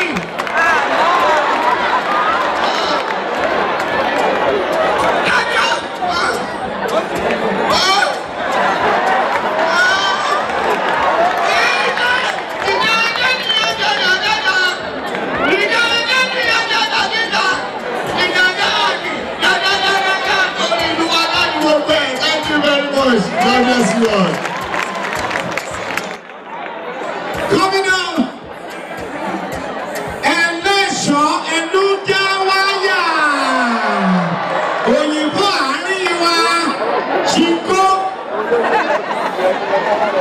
team.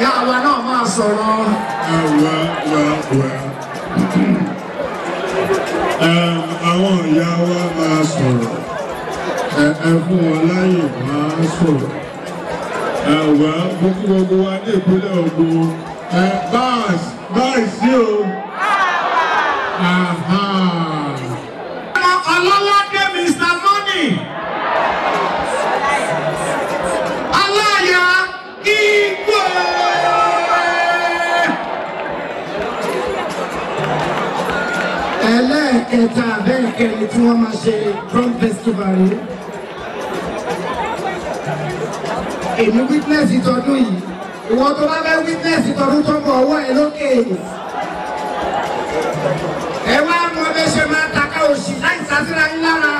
ìyá wa náà máa sọ̀rọ̀. àwọn ìyá wa máa sọ̀rọ̀ ẹ fún wọn láyè máa sọ̀rọ̀ ẹ̀wẹ̀ gbogbo gbogbo wa ní ìpínlẹ̀ Ògùn ẹ̀ báyìí sí o. ẹ̀ta bẹ́ẹ̀ kẹrin tí wọ́n máa festival rèé èmi witness ìtọ́dún yìí ìwọ tó bá fẹ́ witness ìtọ́dún tó ń bọ̀ ọwọ́ ẹ lókè ẹ wá mọ bẹ ṣe máa ta ká òṣì láì sásíra yín lára.